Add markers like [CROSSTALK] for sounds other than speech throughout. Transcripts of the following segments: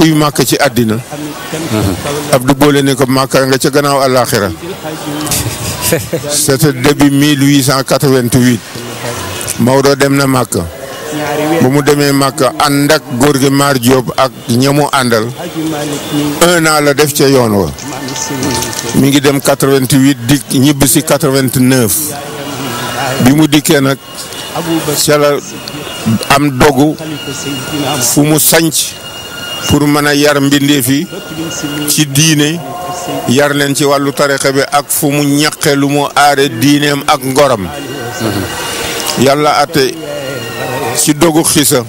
kuy màkk ci àddina Abdou boole ne ko màkka nga ca gannaaw àllaaxira c'était début 1888 Maodo dem na màkk bu mu demee màkk ànd góor gi Maar Diop ak ñamu àndal un an la def ca yoon wa mi ngi dem 88 dik ñibb si 89 bi mu dikkee nag ca la am dogu fu mu sanc pour mën a yar mbindeef ci diine yar leen ci wàllu tarixa bi ak fu mu ñaqe lu mu aare diineem ak ngoram yàlla ate ci dogu xisa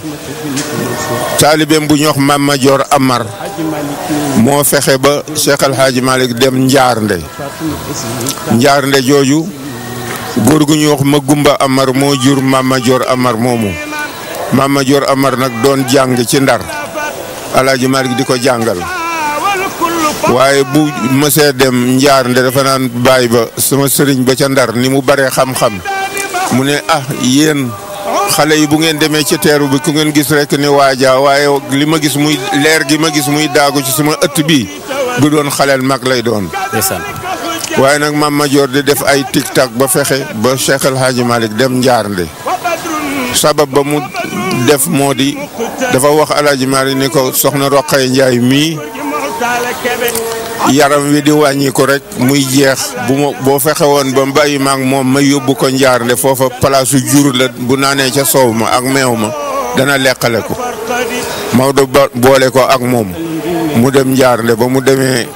taalibeem bu ñox Mame Madior Amar moo fexe ba Cheikh El Hadj Malick dem Njaarnde Njaarnde jooju góor gu ñuy ma Gumba Amar moo jur Mame a Amar moomu Mame Madior Amar nag doon jàng ci Ndar alaaji Malick di ko jàngal waaye bu mësee dem njaar nde dafa naan baay ba sama sëriñ ba ca ndar ni mu baree xam-xam mu ne ah yéen xale yi bu ngeen demee ci teeru bi ku ngeen gis rek ni waaja waaye li ma gis muy leer gi ma gis muy daagu ci sama ëtt bi bu doon xaleel mag lay doon waaye nag maam Majoor di def ay tiktak ba fexe ba Cheikh El Hadji dem njaar nde sabab ba mu def moo di dafa wax alaaji Maari ni ko soxna Roqaye Njaay mii yaram wi di wàññi rek muy jeex bu ma boo fexe woon ba mbàyyi maak moom ma yóbbu ko njaar nde foofa palaasu jur la bu naanee ca soow ma ak meew ma dana leqale ko Maodo boole ko ak moom mu dem njaarnde ba mu demee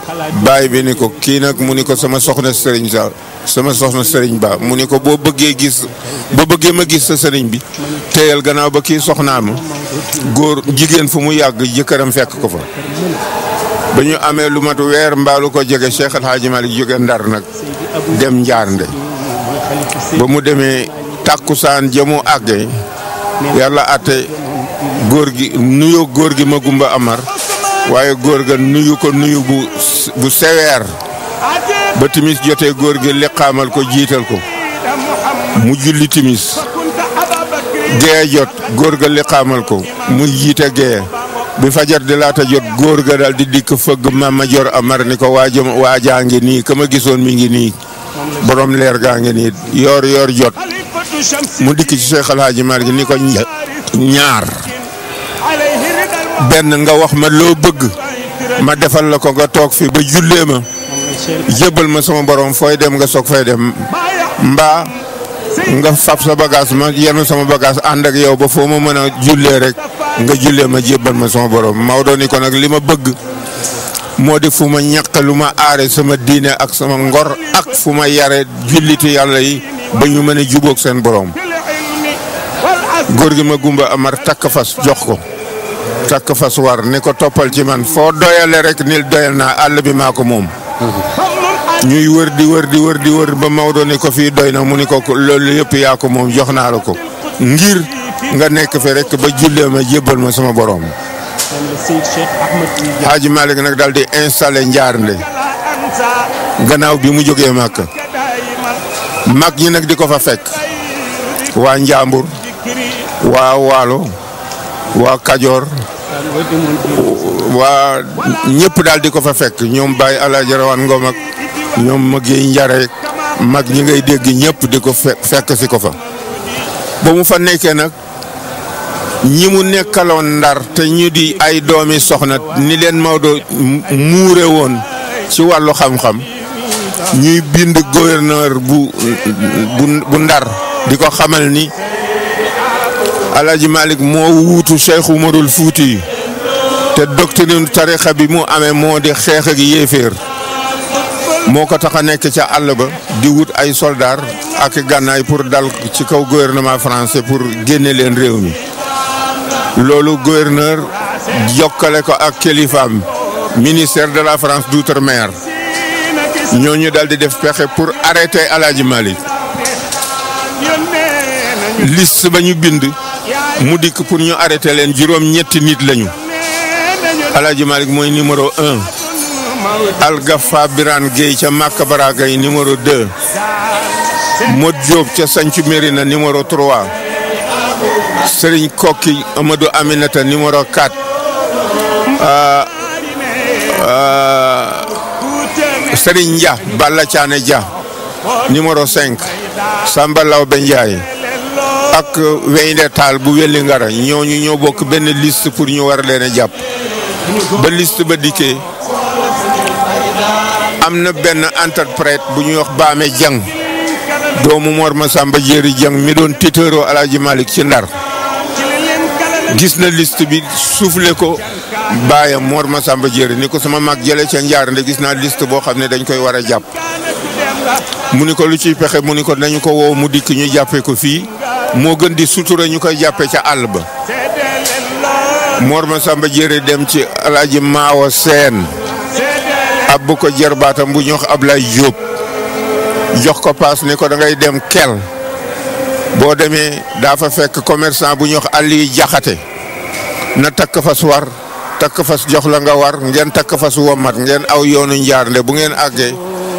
baay bi ni ko kii nag mu ni ko sama soxna sëriñ sa sama soxna sëriñ ba mu ni ko boo bëggee gis ba bëggee ma gis sa sëriñ bi teyal ganaaw ba kii soxnaa ma góor jigéen fu mu yàgg jëkkëram fekk ko fa ba ñu amee lu mat weer mbaalu ko jege Cheikh El Hadji Malick jóge Ndar nag dem njaar njaarnde ba mu demee tàkkusaan jëmu àggee yàlla ate góor gi nuyoo góor gi ma gumba Amar waaye góor ga nuyu ko nuyu bu seweer ba timis jotee góor gi liqaamal ko jiital ko mu julli timis gee jot góor ga liqaamal ko mu jiite gee bi fajar di laata jot góor ga daal di dikk fëgg ma major amar ni ko waajam waajaa ngi nii ka ma gisoon mi ngi nii borom leer gaa ngi ni yoor yoor jot mu dikk ci Seex Alaaji Maalik ni ko ñaar ben nga wax ma lo bëgg ma defal lako nga tok fi ba jullé ma jébbal ma sama borom foy dem nga sok fay dem mba nga sa bagage ma yenu sama bagage and ak yow ba fo ma meuna jullé rek nga jullé ma jébbal ma sama borom ni ko nak lima bëgg modi di fu ma ñàkk lu ma sama diiné ak sama ngor ak fu ma yare jullitu yàlla yi ba ñu mën jubok borom gor gi ma gumba amar takfas jox ko takk fas war ni ko toppal ci man foo doyale rek nil doyal na àll bi maako ko moom. ñuy wër di wër di wër di wër ba Maodo ni ko fii doy na mu ni ko loolu yëpp yaako moom jox naa la ko ngir nga nekk fi rek ba jullee ma jébbal ma sama borom. Haaji Malick nag daal di installé Njaarnde gannaaw bi mu jógee màkk mag ñi nag di ko fa fekk waa Njambur waa Waalo. waa Kajoor waa ñëpp daal di ko fa fekk ñoom Baye Alaaji Rawaan Ngom ak ñoom mag yi njare mag ñi ngay dégg ñépp di ko fekk si ko fa ba mu fa nekkee nag ñi mu nekkaloon ndar te ñi di ay doomi soxna ni leen Maodo muure woon ci wàllu xam-xam ñuy bind gouverneur bu bu ndar di ko xamal ni Alaaji Malik mo wuutu Cheikh Oumarul Fouti té doctrine tarixa bi mo amé moo di xeex ak yéeféer moo ko tax a nekk ba di wut ay soldats ak gànnaay pour dal ci kaw gouvernement français pour génne len réew mi gouverneur yokalé ko ak kilifaam ministère de la France d'outre-mer ñu dal di def pexé pour arrêter Alaaji Malik liste bañu bind mu dik pour ñu arrêté leen juróom-ñetti nit lañu Alaaji Malick mooy numéro un Algafa Birane Gueye ca Màkka Baraga yi numéro deux Modou Diop ca Sancu Mérina numéro trois Serigne Kokki Amadou Aminata numéro quatre ah, ah, Serigne Dia Balla Thiane Dia numéro cinq Samba Law ak Weyndé Tall bu Weli Ngara ñooñu ñoo bokk benn list pour ñu war leen a jàpp ba liste ba dikkee am na benn interprète bu ñuy wax Baame Jang doomu Mor Masamba Jéeri Jang mi doon tiiteeroo Alaaji Malick ci Ndar gis na list bi soufflé ko baayam Mor Masamba Jéeri ni ko sama mag jële ca Njaarnde gis na liste boo xam ne dañ koy war a jàpp mu ni ko lu ciy pexe mu ni ko ko woo mu dikk ñu jàppee ko fii mo gën di suture ñukay jappé ci alba ba Mor Masamba Jëre dem ci alaaji mawo sen ab ko jërbaatam bu ñox ablay Jóob jox ko pass ne ko da ngay dem kel bo démé da fa fekk commerçant bu ñox ali jaxaté na tak fa war tak fa jox la nga war ngeen fa su womat ngeen aw yoonu ndiar nde bu ngeen aggé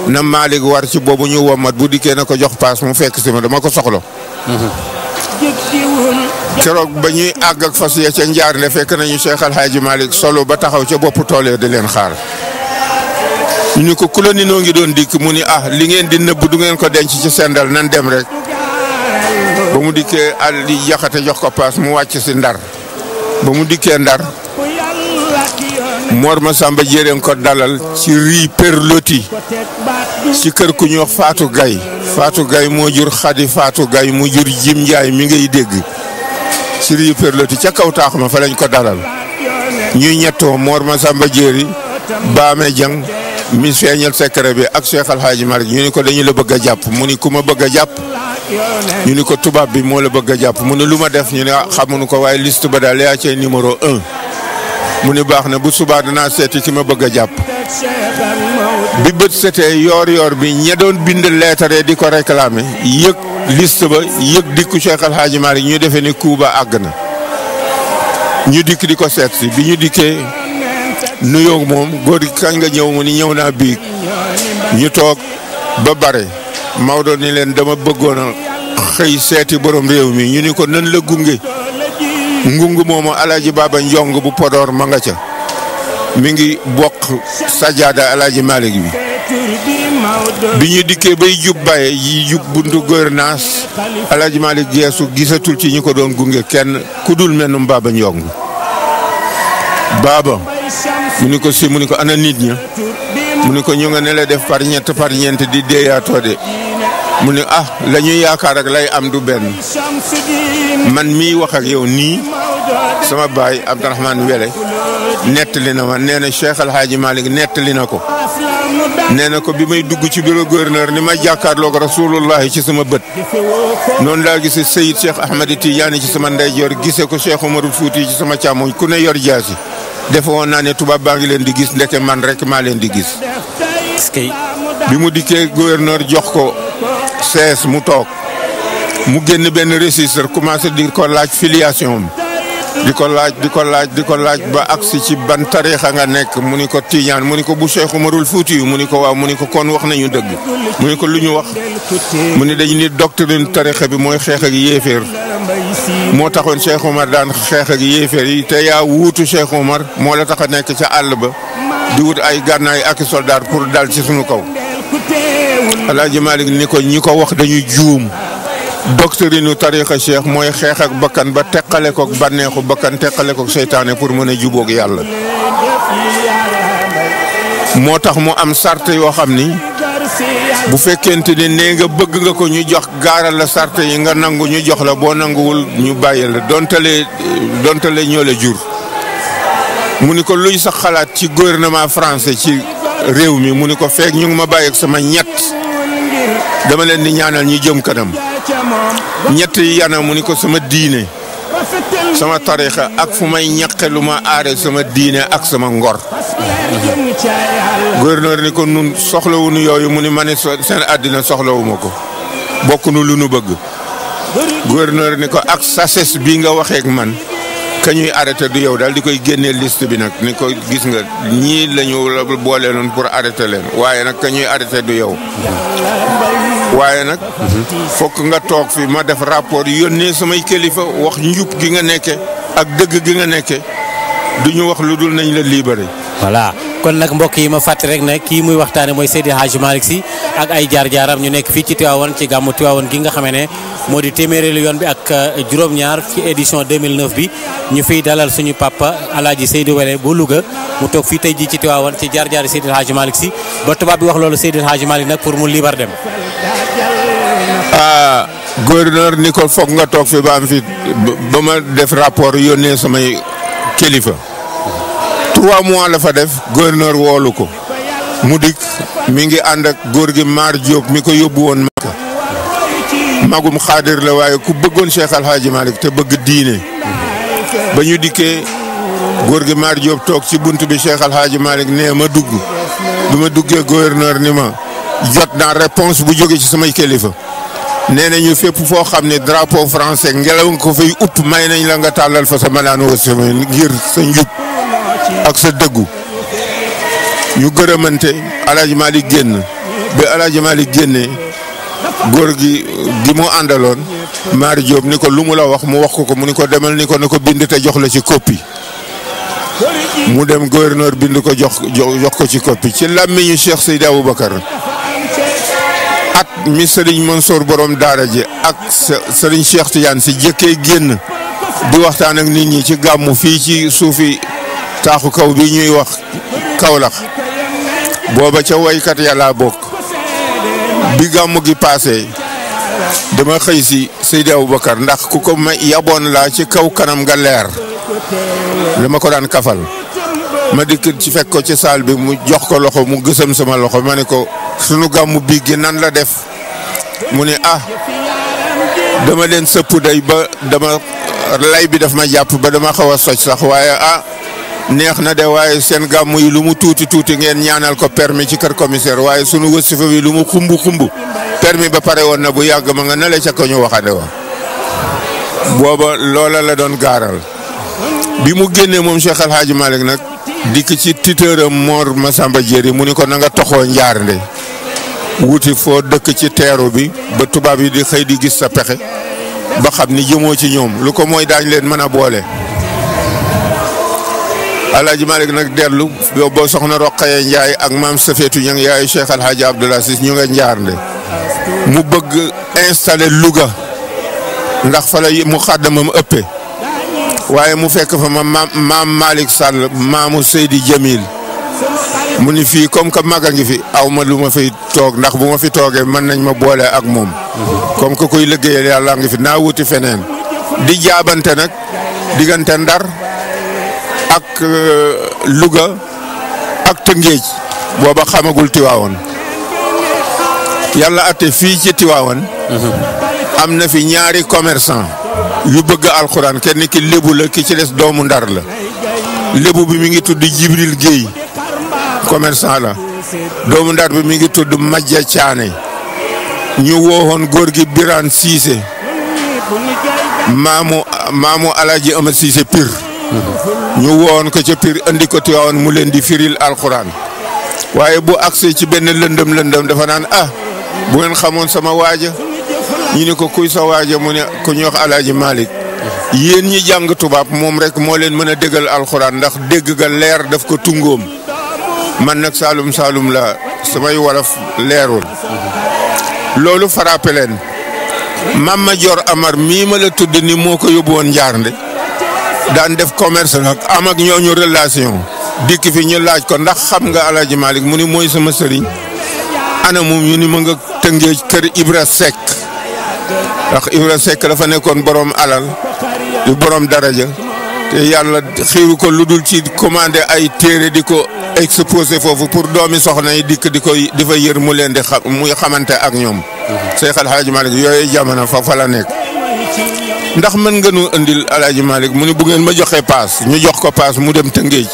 na malik war ci bobu ñu womat bu diké na ko jox pass mu fekk ci ma dama ko keroog ba ñuy àgg ak fas ya ca njaar le fekk nañu Cheikh Al Hadji Malick solo ba taxaw ca boppu tool ya di leen xaar. ñu ni ko ku la noo ngi doon dikk mu ni ah li ngeen di nëbb du ngeen ko denc ci sendal nan dem rek ba mu dikkee àll di jaxate jox ko paas mu wàcc si ndar ba mu dikkee ndar. Mor sàmba Jéeréen ko dalal ci rii loti ci kër ku ñuy faatu Fatou faatu gay Gaye moo jur Xadi Fatou Gaye mu jur Jim Njaay mi ngay dégg ci rii Perloti ca kaw taax ma fa lañ ko dalal ñuy ñettoo Mor Masamba Jéeri Baame Jang mi feeñal secret bi ak Cheikh Al Hadji Malick ñu ni ko dañu la bëgg a jàpp mu ni ku ma bëgg a jàpp ñu ni ko tubaab bi moo la bëgg jàpp mu ne lu ma def ñu ne ah xamuñu ko waaye liste ba daal yaa cay numéro un mu ni baax na bu subaa danaa seeti ci ma bëgg a jàpp bi bët setee yoor yoor bi ña doon bind leetare di ko réclamer yëg liste ba yëg dikku Cheikh Al Hadji ñu defee ni Kuuba àgg na ñu dikk di ko seet si bi ñu dikkee nuyoo moom góor gi kañ nga ñëw mu ni ñëw naa biig ñu toog ba bare Maodo ni leen dama bëggoon a xëy seeti borom réew mi ñu ni ko nan la gunge ngungu moomu alaaji baaba njong bu Podor ma nga ca mi ngi bokk sajaada alaaji Malick bi bi ñu dikkee bay jub baye yi jub buntu gouvernance alaaji Malick geesu gisatul ci ñi ko doon gunge kenn ku dul mennum baaba njong baaba mu ni ko si mu ni ko ana nit ña mu ni ko ñu nga ne la def par ñett par ñeent di deeyaatoo de mu ne ah lañuy yaakaar ak lay am du benn man mii wax ak yow nii sama baay Abdourahmane Wele nettali na ma nee na Cheikh El Hadj nettali na ko nee na ko bi may dugg ci bureau gouverneur ni ma jàkkaarloog rasulullahi ci sama bët noonu laa gise Seyid Cheikh Ahmed Tidiane ci sama ndeyjoor gisee ko Cheikh Omarul Fouti ci sama càmmoñ ku ne yor jaas yi defe woon naa ne tubaab baa ngi leen di gis ndeke man rek maa leen di gis. bi mu dikkee gouverneur jox ko. 16 mu toog mu génn benn registre commencé di ko laaj filiation am di ko laaj di ko laaj di ko laaj ba agsi ci ban tarixa nga nekk mu ni ko Tiijaan mu ni ko bu Cheikh Umarul Fuuti yu mu ni ko waaw mu ni ko kon wax nañu dëgg mu ni ko lu ñu wax mu ni dañu ni doctrine tariixa bi mooy xeex ak yéeféer moo taxoon Cheikh Umar daan xeex ak yéeféer yi te yaa wuutu Cheikh Umar moo la tax a nekk ca àll ba di wut ay gànnaay ak soldat pour dal ci suñu kaw alaaji Malick ni ko ñi ko wax dañuy juum doctrine a cheikh mooy xeex ak bakkan ba teqale ko bànneexu bakkan teqale ko seytaane pour mën a jubóog yàlla moo tax mu am sart yoo xam ni bu fekkent ne nee nga bëgg nga ko ñu jox gaaral la sart yi nga nangu ñu jox la boo nanguwul ñu bàyyi la dontale dontale ñoo la jur mu ni ko luy sax xalaat ci gouvernement français ci réew mi mu ni ko feek ñu ngi ma bàyyi ak sama ñett dama leen di ñaanal ñi jëm kanam ñetti yanam mu ni ko sama diine sama tarixa ak fu may ñaqe lu ma aare sama diine ak sama ngor gouverneur ni ko nun soxlawuñu yooyu mu ni ma ne seen àddina soxlawuma ko bokkunu lu nu bëgg gouverneur ni ko ak sases bi nga waxeek man ka ñuy arrêté du yow daal di koy génnee list bi nag ni koy gis nga ñii la ñu boole noonu pour arrêté leen waaye nag ka ñuy arrêté du yow. waaye nag. fokk nga toog fi ma def rapport yónnee samay kilifa wax njub gi nga nekke ak dëgg gi nga nekke du ñu wax lu dul nañ la libéré. voilà kon nag mbokk yi ma fàttali rek ne kii muy waxtaane mooy Seydi Hadji Malick Sy ak ay jaar-jaaram ñu nekk fii ci Tivaouane ci gàmmu Tivaouane gi nga xame ne. moo di téeméereelu yoon bi ak euh, juróom-ñaar ci édition 2009 bi ñu fiy dalal suñu pàppa alaaji Seydou Wele bu luga mu toog fii tey jii ci Tiwaawan ci jaar-jaari Seydil Hadji Malick si ba tubaab bi wax loolu Seydil Hadji Malick nag pour mu libar dem. ah ni ko foog nga toog fi ba am fi ba ma def rapport yónnee samay kilifa trois mois la fa def gouverneur woolu ko mu dikk mi ngi ànd ak góor gi Maar Diop mi ko yóbbu woon. magum xaadir la waaye ku bëggoon Cheikh Al Hadj Malick te bëgg diine ba ñu dikkee góor gi Maar Diop toog ci bunt bi Cheikh Al Hadj Malick nee ma dugg bi ma duggee gouverneur ni ma jot naa réponse bu jóge ci samay kilifa nee nañu fépp foo xam ne drapo français ngelaw nga ko fay upp may nañ la nga tàllal fa sa malaan wa sama ngir sa njub ak sa dëggu ñu gërëmante El Hadj génn bi El Hadj Malick góor gi gi mu àndaloon Maari Diop ni ko lu mu la wax mu wax ko ko mu ni ko demal ni ko na ko bind te jox la ci copie mu dem gouverneur bind ko jox jox ko ci copie ci làmmiñu Cheikh Seydi Aboubacar at mi sëriñ Mansour borom daara ji ak sëriñ Cheikh Tidiane si jëkkee génn di waxtaan ak nit ñi ci gàmmu fii ci suufi taaxu kaw bi ñuy wax Kaolack booba ca waykat yàlla bokk bi gàmmu gi paase dama xëy si Seydi Aboubacar ndax ku ko ma yaboon laa ci kaw kanam nga leer li ma ko daan kafal ma dikk ci fekk ko ci saal bi mu jox ko loxo mu gësam sama loxo ma ne ko sunu gàmmu bii gi nan la def mu ne ah dama leen sëpp day ba dama lay bi daf ma jàpp ba dama xaw a soj sax waaye ah neex na de waaye seen gàmm yi lu mu tuuti tuuti ngeen ñaanal ko permis ci kër commissaire waaye sunu wasifa bi lu mu xumb xumb permi ba pare woon na bu yàgg ma nga ne la ca ko ñu waxande wa booba loolal la doon gaaral bi mu génnee moom Cheikh El Hadj Malick nag dikk ci titeuram Mor Massamba Diéry mu ni ko na nga toxoo njaarnde wuti foo dëkk ci teeru bi ba tubaab yi di xëy di gis sa pexe ba xam ni jëmoo ci ñoom lu ko mooy daañ leen mën a boole. alaaji Malick nag dellu boo soxna Roqaye njaay ak maam Safeetu Ñang yaayu Cheikh El Hadj Abdoul Aziz ñu nga njaarnde mu bëgg installer Louga ndax fa la mu xàddamam ëppee waaye mu fekk fa ma maam Malick Sall mamu Seydi Jamil mu ni fii comme que mag a ngi fi aw ma lu ma fi toog ndax bu ma fi toogee mën nañ ma boole ak moom comme que kuy liggéeyal yàlla ngi fi naa wuti feneen di jaabante nag diggante Ndar ak euh, Louga ak Tëngéej booba xamagul Tiwaawoon yàlla atte fii ci Tiwaawoon mhm. am na fi ñaari commerçant yu bëgg alxuraan kenn ki lébu la ki ci des doomu ndar la lébu bi mu ngi tudd Jibril Guèye commerçant la doomu ndar bi mi ngi tudd Majja Caane ñu woowoon góor gi Birane Cissé maamu maamu Alaaji Amad Cissé Pire ñu woon ko ci pir andi ko tiwaawoon mu len di firil alquran waye bu agsee ci ben lendeum lendeum dafa nan ah bu ngeen xamone sama waja ñu ne ko kuy sa waja mu ne ku ñu wax alaaji malik yeen ñi jang tubab mom rek mo len meuna a alquran ndax dégg ga leer daf ko tungom man nak saalum saalum la samay waraf leerul lolu farapelen Mama jor Amar mi ma la tudd ni moko yobone daan def commerce nag am ak ñooñu relation dikk fi ñu laaj ko ndax xam nga Alaaji Malick mu ni mooy sama sëriñ ana moom ñu ni ma nga tëngee kër Ibra Seck ndax Ibra Seck dafa nekkoon borom alal di borom daraja te yàlla xiiru ko lu dul ci commandé ay téere di ko exposé foofu pour doomi soxna yi dikk di koy di fa yër mu leen di xam muy xamante ak ñoom. Seex mhm. Alaaji Malick yooyu jamono fa fa la nekk. ndax mën nga nu indil El Hadj Malick mu ne bu ma joxee paas ñu jox ko paas mu dem Tëngéej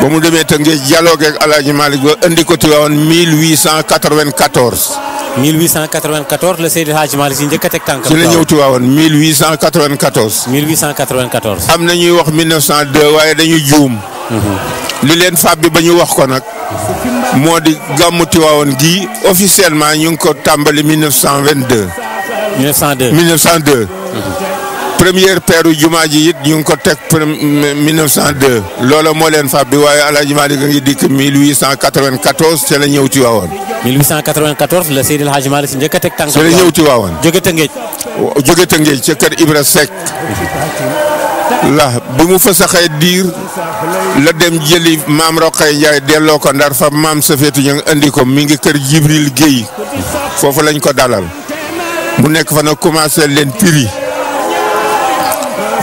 ba mu demee Tëngéej dialogue ak El Hadj Malick ba indi ko Tiwaawan 1894. 1894 la Seydi Hadj Malick si njëkk a teg tànkam. ci la ñëw Tiwaawan 1894. 1894. am na ñuy wax 1902 waaye dañuy juum. Mhm. li leen fab bi ba ñu wax ko nag. moo di gàmmu Tiwaawan gi officiellement ñu ngi ko tàmbali 1922. 1902 1902. première peeru jumaa ji ñu ngi ko teg pour 1902 loola moo leen fab bi waaye Alaaji Maalik a ngi dikk 1894 ca la ñëw ci waawoon. 1894 la Seydil Hadji Malick si njëkk a teg tànk. ca la ñëw ci waawoon jóge Tëngéej. jóge Tëngéej ca kër Ibra Seck. la bi mu fa saxee diir la dem jëli maam Roqay Njaay delloo ko ndar fa maam Safeetu ñu indi ko mi ngi kër Jibril Guèye foofu lañ ko dalal mu nekk fa na leen piri.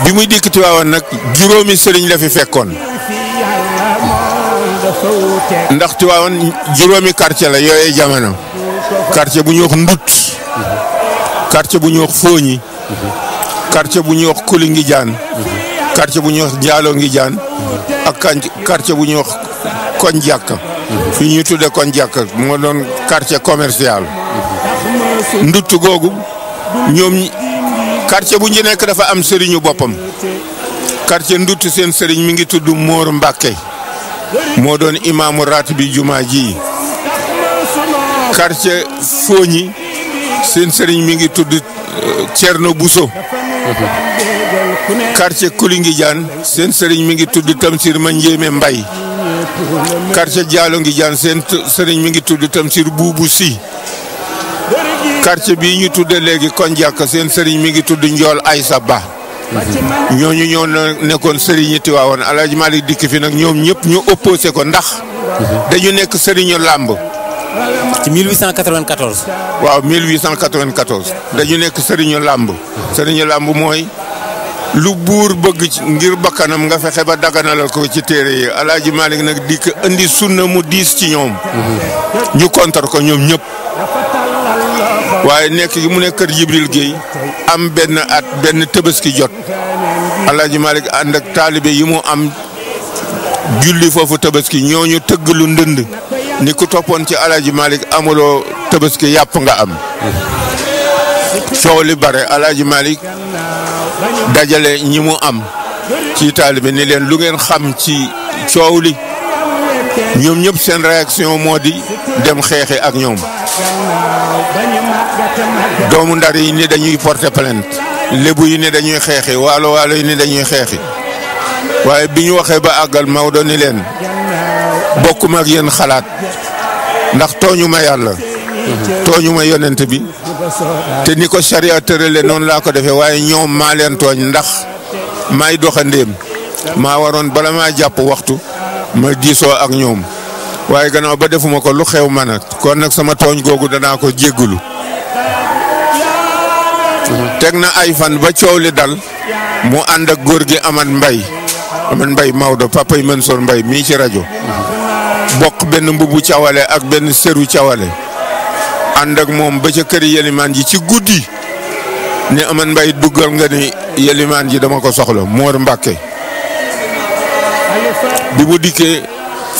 bi muy dikk Tiwaawan nag juróomi sëriñ la fi fekkoon ndax Tiwaawan juróomi quartier la yooyee jamono quartier bu ñuy wax ndut quartier bu ñuy wax fooñi quartier bu ñuy wax kuli ngi jaan quartier bu ñuy jaaloo ngi jaan ak quartier bu ñuy wax koñ jàkk fi ñuy tudde koñ jàkk moo doon quartier commercial ndut googu ñoom quartier buñu nek dafa am serigne bopam quartier ndout sen serigne mi ngi tuddu Mor mbacke mo don imam raat bi juma ji quartier Foñi sen serigne mi ngi tuddu euh, Thierno Bousso quartier jan sen serigne mi ngi tuddu Tamsir Mandiémé mbay quartier Dialo jan sen serigne mi ngi tuddu Tamsir Boubou quartier bii ñu tudde léegi Kondiak seen sëriñ mi ngi tudd Njool sa Ba ñooñu ñoo nekkoon sëriñ yi Tiwaawoon Alaaji Malik dikk fi nag ñoom ñëpp ñu opposé ko ndax dañu nekk sëriñu làmb ci 1894 waaw 1894 dañu nekk sëriñu làmb sëriñu làmb mooy lu buur bëgg ngir bakkanam nga fexe ba daganalal ko ci téere yi alaaji Malik nag dikk indi sunna mu diis ci ñoom mhm. ñu kontar ko ñoom ñëpp waaye nekk gi mu ne kër Jibril Guèye am benn at benn tëbaski jot Alaaji Malick ànd taalibe yi mu am julli foofu tëbaski ñooñu tëgg lu ndënd ni ku toppoon ci Alaaji Malick amuloo tëbaski yàpp nga am coow li bare Alaaji Malick dajale ñi mu am ci taalibe ni leen lu ngeen xam ci coow li ñoom ñëpp seen réaction moo di dem xeexi ak ñoom doomu ndar yi ni dañuy porter plainte lébu yi ni dañuy xeexi waalo waalo yi ni dañuy xeexi waaye bi ñu waxee ba àggal Maodo ni leen bokkum ak yéen xalaat ndax tooñu ma yàlla tooñu ma yonent bi te ni ko charia tërale noonu laa ko defee waaye ñoom maa leen tooñ ndax maay doxandéem maa waroon bala maa jàpp waxtu ma diisoo ak ñoom waaye gannaaw ba defuma ko lu xew mana kon nag sama tooñ googu danaa ko jéggulu teg na ay fan ba coow li dal mu ànd ak góor gi Amath mbay Amath Mbaye Maodo papa yi Mansour Mbaye mii ci rajo bokk benn mbubu cawale ak benn seru cawale ànd ak moom ba ca kër yelimaan ji ci guddi ne Amath Mbaye duggal nga ni yelimaan ji dama ko soxla Mor Mbàkke bi bu dikkee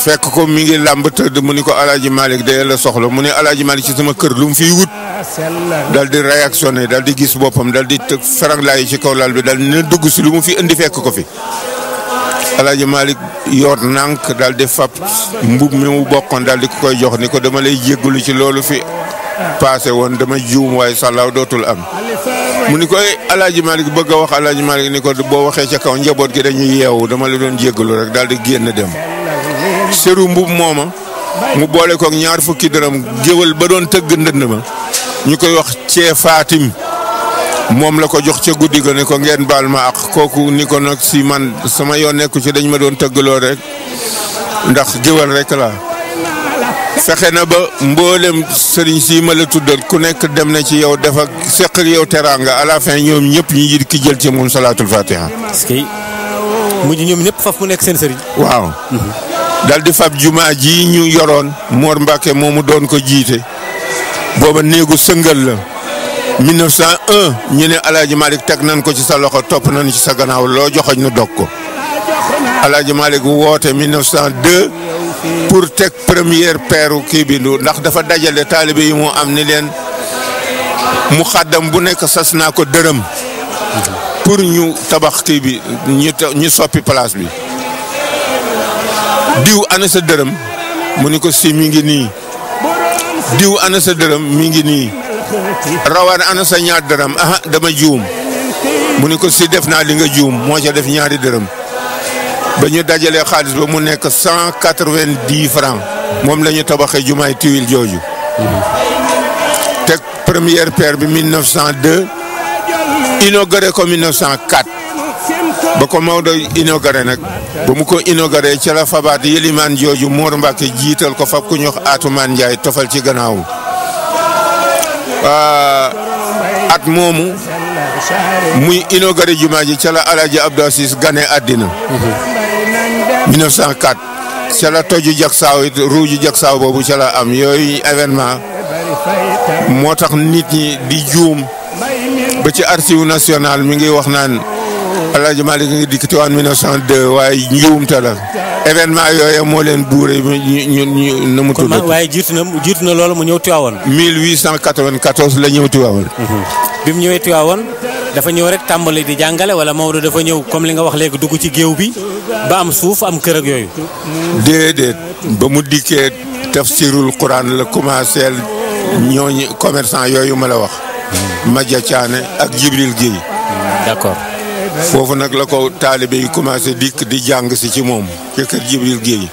fekk ko mu ngi làmb tëdd mu ni ko alaaji Malick de la soxla mu ne alaaji Malick ci sama kër lum fi fiy wut dal di réactionné dal di gis boppam dal di tëg feranglaay yi ci kaw lal bi dal dina dugg si lu fi indi fekk ko fi alaaji malik yoot nànk dal di fab mbub mi mu bokkoon dal di ko koy jox ni ko dama lay jéggalu ci loolu fi paase woon dama juum waaye sàllaaw dootul am mu ni koy eh, alaaji Malick bëgg a wax alaaji Malick ni ko boo waxee ca kaw njaboot gi dañuy yeewu dama la doon jéggalu rek daal di génn dem seru mbub mooma mu boole koog ñaar fukki dërëm géwal ba doon tëgg ndënd ma ñu koy wax cee faatim moom la ko jox ca guddi ga ko ngeen baal ma ak kooku ni ko nag si man sama yoon nekku ci dañ ma doon tëggaloo rek ndax géwal rek laa fexe na ba mboolem sëriñ si ma la tuddal ku nekk dem na ci yow dafa seqal yow teraanga à la fin ñoom ñëpp ñu ngi ki jël ci moom salaatul fatiha. que mujj ñoom ñëpp faf mu nekk seen sëriñ. waaw. dal di fab jumaa ji ñu yoroon. Mor Mbacke moomu doon ko jiite. booba néegu sëngal la. 1901 ñu ne El Hadj teg nañ ko ci sa loxo topp nañ ci sa gannaaw loo joxoñ ñu dog ko El Hadj Malick woote pour teg première peeru kii bi lu ndax dafa dajale taalibe yi moo am ni leen mu xàddam bu nekk sas naa ko dërëm pour ñu tabax kii bi ñu ñu soppi place bi diw ana sa dërëm mu ni ko si mi ngi nii diw ana sa dërëm mi ngi nii rawaan ana sa ñaar dërëm aha dama juum mu ni ko si def naa li nga juum moo ca def ñaari dërëm ba ñu dajalee xaalis ba mu nekk cent quatre-vingt-dix francs moom la ñu tabaxee jumaay Tuile jooju. teg premier pierre bi 1902 inauguré ko 1904 ba ko Maodo inauguré nag ba mu ko inauguré gare la fabaat yëlimaan jooju Mor Mbacke jiital ko fab ku ñu wax Atumaan Njaay tofal ci gannaawam ah, at moomu muy inauguré jumaa ji ca la Alaaji Abdou Aziz Gane àddina 1904 ca la toju jak saaw it ruuju jak saaw boobu ca la am yooyu événement moo tax nit ñi di juum ba ci archive nationale mi ngi wax naan El Hadj Malick ngi dikk Tiwaawan 1902 waaye njuumte la événement yooyu moo leen buuree ñu ñu na mu tudd. waaye jiitu na jiitu na loolu mu ñëw Tiwaawan. 1894 la ñëw Tiwaawan. bi mu ñëwee Tiwaawan dafa ñëw rek tàmbali di jàngale wala Maodo dafa ñëw comme li nga wax léegi dugg ci géew bi. ba am suuf am kër yooyu. déedéet ba mu dikkee tafsirul quran la commencé ñooñ commerçant yooyu ma la wax. Madia Thiané ak Jibril Guèye. d'accord. foofu nag la ko taalibe yi commencé dikk di jàng si ci moom ci kër Jibril Guèye.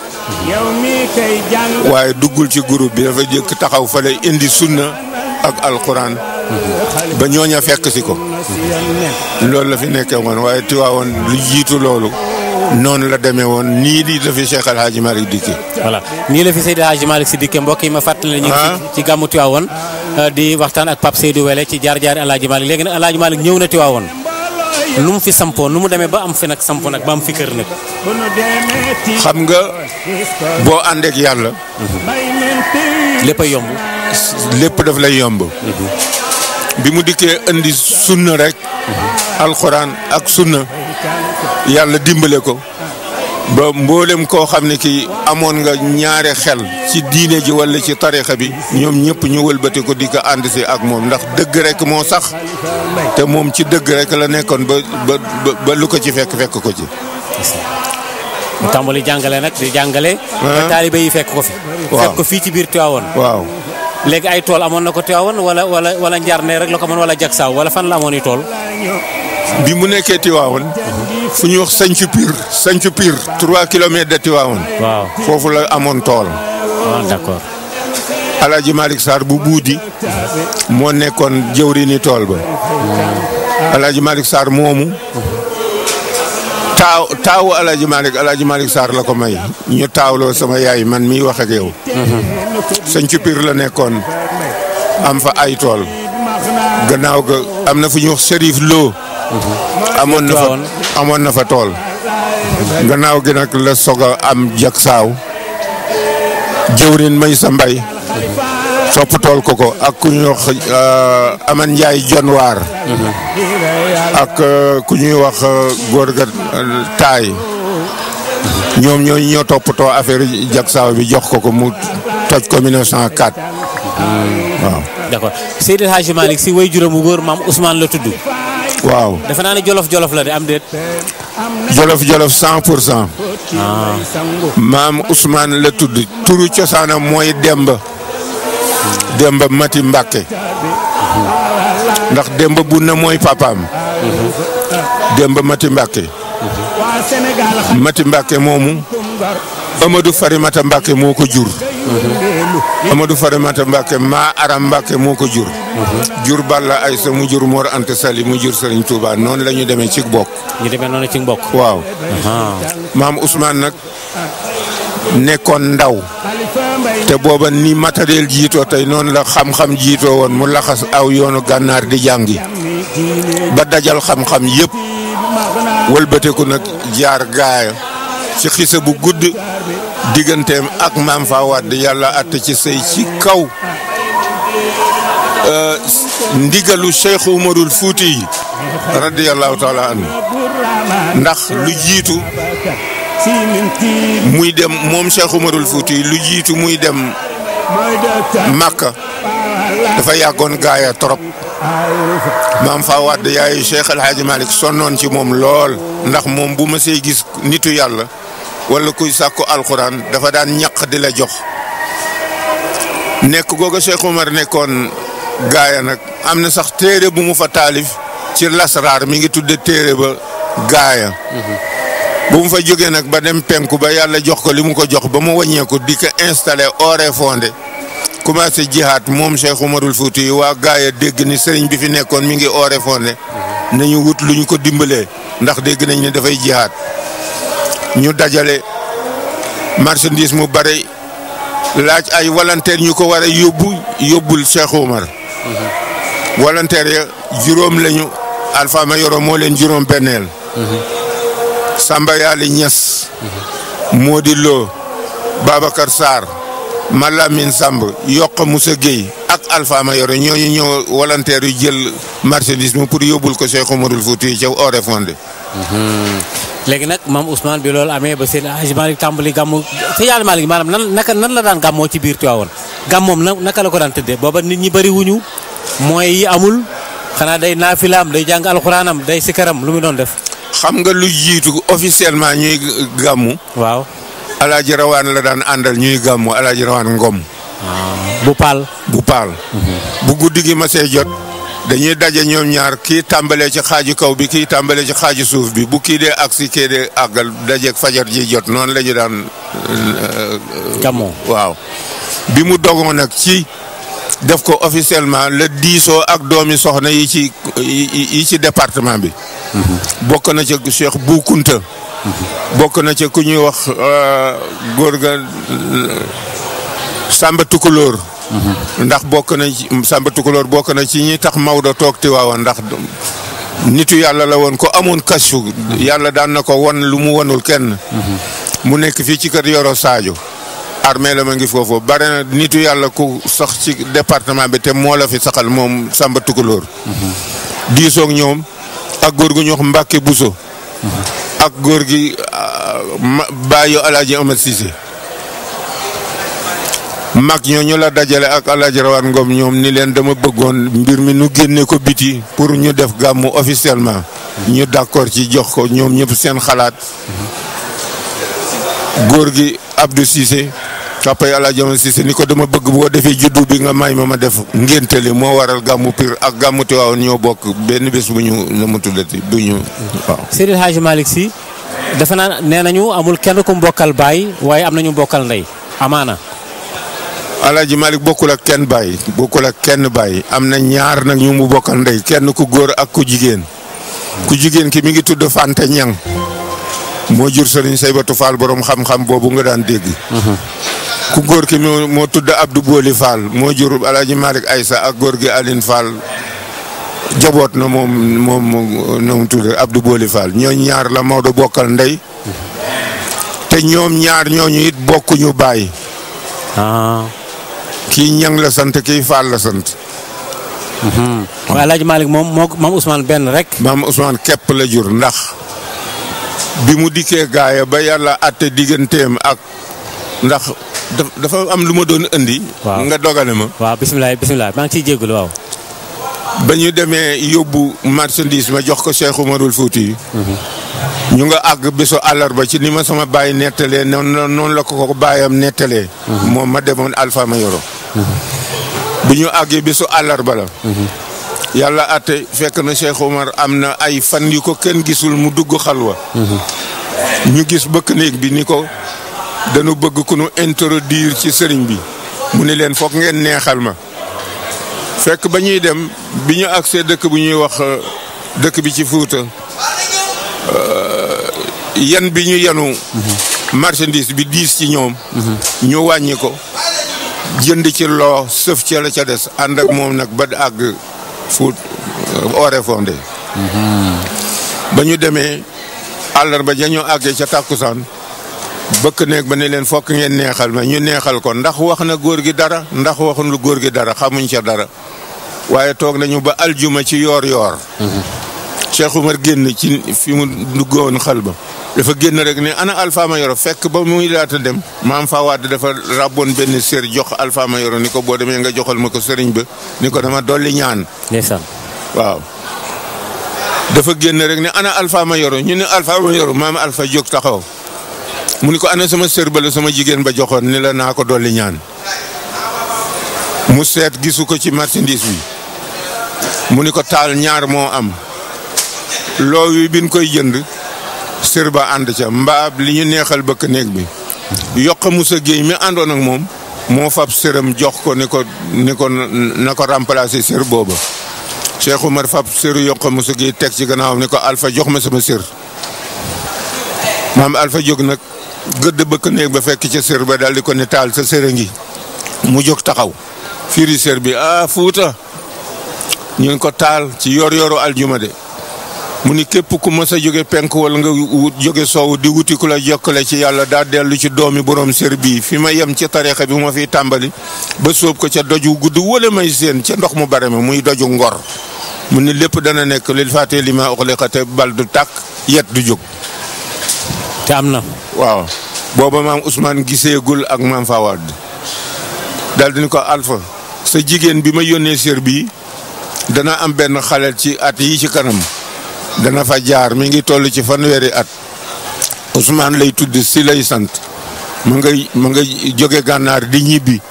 waaye duggul ci groupe bi dafa jëkk taxaw fa lay indi sunna ak alquran. ba ñooña fekk si ko. loolu la fi nekkee woon waaye Tiwaawoon lu jiitu loolu. noonu la demee woon nii di la fi Cheikh El Hadj Malick dikkee. voilà nii la fi Seydi El Hadj Malick si dikkee mbokk yi ma fàttali ñu ah. ci gàmmu Tiwaawoon euh, di waxtaan ak Pape Seydou ci jaar-jaari El Hadj Malick léegi nag El Hadj Malick ñëw na Tiwaawoon nu mu fi sampoon nu mu demee ba am fi nag sampo nag ba am fi kër nag. xam nga boo ànd ak yàlla. léppay yomb. lépp daf lay yomb. Mhm. bi mu dikkee indi sunna rek. Mhm. alxuraan ak sunna. yàlla dimbale ko ba mboolem koo xam ne ki amoon nga ñaare xel ci diine ji walla ci tarixa bi ñoom ñëpp ñu wëlbati ko di ko ànd si ak moom ndax dëgg rekk moo sax te moom ci dëgg rek la nekkoon ba ba lu ko ci fekk fekk ko ci. mu tàmbali jàngale nag di jàngale. Ah. ba taalibe fekk ko fi. fekk ko ci biir Tivaouane. waaw léegi ay tool amoon na ko Tivaouane walla walla walla njarne rekk la ko mën walla jagsaaw walla fan la amoon i tool. bi mu nekkee Tiwaawoon fu ñuy wax Sancu Pire Sancu Pire trois kilomètres de Tiwaawoon waaw foofu la amoon tool waaw ah, d'accord Alaaji Malick bu buudi moo nekkoon jëwriñu tool ba Alaaji Malick Sarr moomu taaw taawu Alaaji Malick Alaaji Malick la ko may ñu taawloo sama yaay man miy wax ak yow Sancu Pire la nekkoon am fa ay tool gannaaw ga am na fu ñuy wax Serif Lo amoon na fa amoon na fa tool. gannaaw gi nag la soog a am jag saaw jëwrin may sa mbay sopp tool ko ko ak ku ñuy wax euh, aman njaay jonwaar ak euh, ku ñuy wax euh, góor ga taay ñoom ñoo ñoo toppatoo affaire jag saaw bi jox ko ko mu toj ko 1904 hmm. waaw d'accord Seydi El Hadji way juróom bu góor maam Ousmane la tudd waaw defe naa ne jolof jolof la de am déet. jolof jolof cent pour cent. Ah. maam Ousmane la tudd turu cosaanam mooy Demba. Demba Mati Mbàkke ndax Demba Bunna mooy papaam. Demba Mati Mbàkke Mati Mbàkke moomu. Amadou Farimata Mbacke moo ko jur. amadu Farimata Mbacke maa aram Mbacke moo ko jur. jur Balla Aysa mu jur Mor Anta Sali mu jur Serigne Touba noonu la ñu demee ci bokk. ñu demee noonu ci bokk. waaw. maam Ousmane nag nekkoon ndaw. te booba ni matériel jiitoo tey noonu la xam-xam jiitoo woon mu laxas aw yoonu gànnaar di jàngi. ba dajal xam-xam yëpp. wëlbateeku nag jaar gaaya ci xisa bu gudd digganteem ak maam Faa Wàdd yàlla àtte ci sëy ci kaw ndigalu Cheikh Umarul Fuuti yi radiyallahu taala anhu ndax lu jiitu muy dem moom Cheikh Umarul Fuuti yi lu jiitu muy dem Makka dafa yàggoon gaaya trop maam Faa Wàdd yaayu Cheikh El Hadj Malick sonnoon ci moom lool ndax moom bu ma see gis nitu yàlla wala kuy sàkku alxuraan dafa daan ñaq di la jox nekk googa Cheikh Omar nekkoon gaaya nag am na sax téere bu mu fa taalif ci lasraar mi ngi tudde téere ba gaaya bu mu fa jógee nag ba dem penku ba yàlla jox ko li mu ko jox ba mu wàññeeku di ko installé ore fondé commencé jihaat moom Cheikh Omarul fouti yi waa gaaya dégg ni sëriñ bi fi nekkoon mi ngi ore fondé nañu wut lu ñu ko dimbalee ndax dégg nañ ne dafay jihaat ñu dajale marchandise mu bare laaj ay walanteer ñu ko war yóbbu yóbbul Cheikh Oumar ya juróom lañu Alpha yoro moo leen juróom benneel Samba Yali Niass Mody Lo Babacar Sarr Malamine Samb Yokk Moussa Gueye ak Alpha Mayoro ñooñu ñëw volontaire yu jël marchandise mu pour yóbbul ko Cheikh Oumarul Foutiyou Thiaw Oré Fondé Mm-hmm. légi nak mam Ousmane bi lol amé ba ah, sen Hadji malik tambali gamu si yàlla Malick maanaam nan naka nan la dan gàmmoo ci bir Tiwaawoon gam na nak la ko dan tedde booba nit ñi bari wuñu moy yi amul xana day naafilaam day jang alxuraanam day sikaram lu mi don def. xam nga lu Wow. officiellement ñuy gamu waaw Alaaji Rawaan la dan andal ñuy gàmmu Alaaji Rawaan Ngom. Ah, bu pal bu pal mm-hmm. bu guddigi ma sey jot. dañuy daje ñoom ñaar kii tàmbalee ci xaaju kaw bi kii tàmbalee ci xaaju suuf bi bu kii dee ak si dee àggal dajeeg fajar ji jot noonu la ñu daan. gamoo euh, waaw. bi mu dogoon nag ci def ko officiellement la diisoo ak doomi soxna yi ci yi ci département bi. Mhm. bokk na ca Cheikh Bou mhm. na ca ku ñuy wax euh, góor Samba Tukulóor. Mhm. ndax bokk na ci Samba bokk na ci ñi tax Maodo toog Tiwaawan ndax nitu yàlla la woon ko amoon kasu yàlla daan na ko won lu mu wonul kenn. Mhm. mu nekk fii ci kër Yoro Sadio. armée la ma ngi foofu bare nitu yàlla ku sax ci département bi te moo fi saxal moom Samba Tukulóor. Mhm. diisoog ñoom ak góor gu ñu mbake Mbàkke Buso ak góor gi ah, bàyyi Alaaji Amad Sise mag ñoo ñu la dajale ak Alaaji Rawaan Ngom ñoom ni leen dama bëggoon mbir mi nu génne ko biti pour ñu def gàmmu officiellement ñu d'accord ci jox ko ñoom ñëpp seen xalaat góor gi Abdou Cissé pàppay Alaaji Rawaan Cissé ni ko dama bëgg boo defee juddu bi nga may ma ma def ngénte li moo waral gàmmu Pire ak gàmmu Tiwaawan ñoo bokk benn bés bu ñu na mu tuddati du ñu waaw Seydil Hadji Malick Sy dafa naa nee nañu amul kenn ku mbokkal baay waaye am nañu mbokkal ndey amaana Alaaji Malick bokkul ak kenn bàyyi bokkul ak kenn bàyyi am na ñaar nag ñu mu bokkal ndey kenn ku góor ak ku jigéen ku jigéen ki mi ngi tudd Fante Ñang moo jur Sëriñ Saybatu Fall borom xam-xam boobu nga daan dégg. Mhm. ku góor ki moo tudd ab Booli Fall moo jur Alaaji Malick Aysa ak góor gi Aline Fall jaboot na moom moom na mu tudd Abdou Booli Fall ñoo ñaar la Maodo bokkal ndey mhm. te ñoom ñaar ñooñu it bokkuñu bàyyi. kii ñang la sant kii faal la sant. laaj mhm. El moom moo maam Ousmane benn rek. maam Ousmane képp la jur ndax bi mu dikkee gaaya ba yàlla àtte digganteem ak ndax dafa am lu ma doon indi. nga dogale ma. waaw bisimilah bisimilah maa ngi ciy jégalu waaw. ba ñu demee yóbbu marchandise ma jox ko Cheikh Oumarul Fouti ñu nga àgg bésu àllarba ci ni ma sama bàyyi nettalee noonu la ko ko bàyyam nettalee. moom ma demoon alfaama Mayoro. bu ñu àggee bésu àllarba la. yàlla àtte fekk na Cheikh Omar am na ay fan yu ko kenn gisul mu dugg xal wa ñu gis bëkk néeg bi ni ko dañu bëgg ku nu introduire ci sëriñ bi mu ni leen foog ngeen neexal ma. fekk ba ñuy dem bi ñu agsee dëkk bu ñuy wax euh, dëkk bi ci Fuuta euh, yan bi ñu yanu marchandise bi diis ci ñoom ñu wàññi ko jënd ci loo sëf ca la ca des ànd ak moom nag ba àgg fuut euh, orefonde ba ñu demee ba ja ñu àggee ca tàkkusaan bëkk néeg ba ne leen fokk ngeen neexal ma ñu neexal ko ndax wax na góor gi dara ndax waxun lu góor gi dara xamuñ ca dara waaye toog nañu ba aljuma ci yoor yoor Cheikh Umar génn ci fi mu duggoon xal ba dafa génn rek ne ana ma Mayoro fekk ba muy laata dem maam fa waat dafa ràbboon benn sér jox Alpha Mayoro ni ko boo demee nga joxal ma ko sëriñ ba ni ko dama dolli ñaan ndeysaan waaw dafa génn rek ne ana ma Mayoro ñu ne Alpha Mayoro maam Alpha jóg taxaw mu ni ko ana sama sër ba sama jigéen ba joxoon ni la naa ko dolli ñaan mu seet gisu ko ci marchandise bi mu ni ko taal ñaar moo am loo wi biñ koy jënd sër ba ànd ca mbaab li ñu neexal bëkk néeg bi yokk Musa Géey mi àndoon ak moom moo fab sëram jox ko ni ko ni ko na ko remplacer sër booba Cheikh Oumar fab sér yokk Musa Géey teg ci gannaawam ni ko alfa jox ma sama sër maam Alpha jóg nag gëdd bëkk néeg ba fekk ca sër ba daal di ko ne taal sa sër a ngi mu jóg taxaw firi sër bi ah fuuta ñu ngi ko taal ci yor-yoru aljuma de mu ni képp ku mës jóge penk wala nga jóge soow di wuti ku la jokkale ci yàlla daa dellu ci doomi borom sër bii fi ma yem ci tarixa bi moo fi tàmbali ba sóob ko ca doju gudd wala may seen ca ndox mu bare mi muy doju ngor mu ni lépp dana nekk lil faatee li ma uxliqa te bal du tàkk yet du jóg. te am na. waaw booba maam Ousmane giseegul ak maam Fawad daal di ni ko Alpha sa jigéen bi ma yónnee sër bii. dana am benn xaleel ci at yi ci kanam dana fa jaar mi ngi toll ci fanweeri at Ousmane lay tudd si lay sant mu ngay mu ngay jóge gànnaar di ñibbi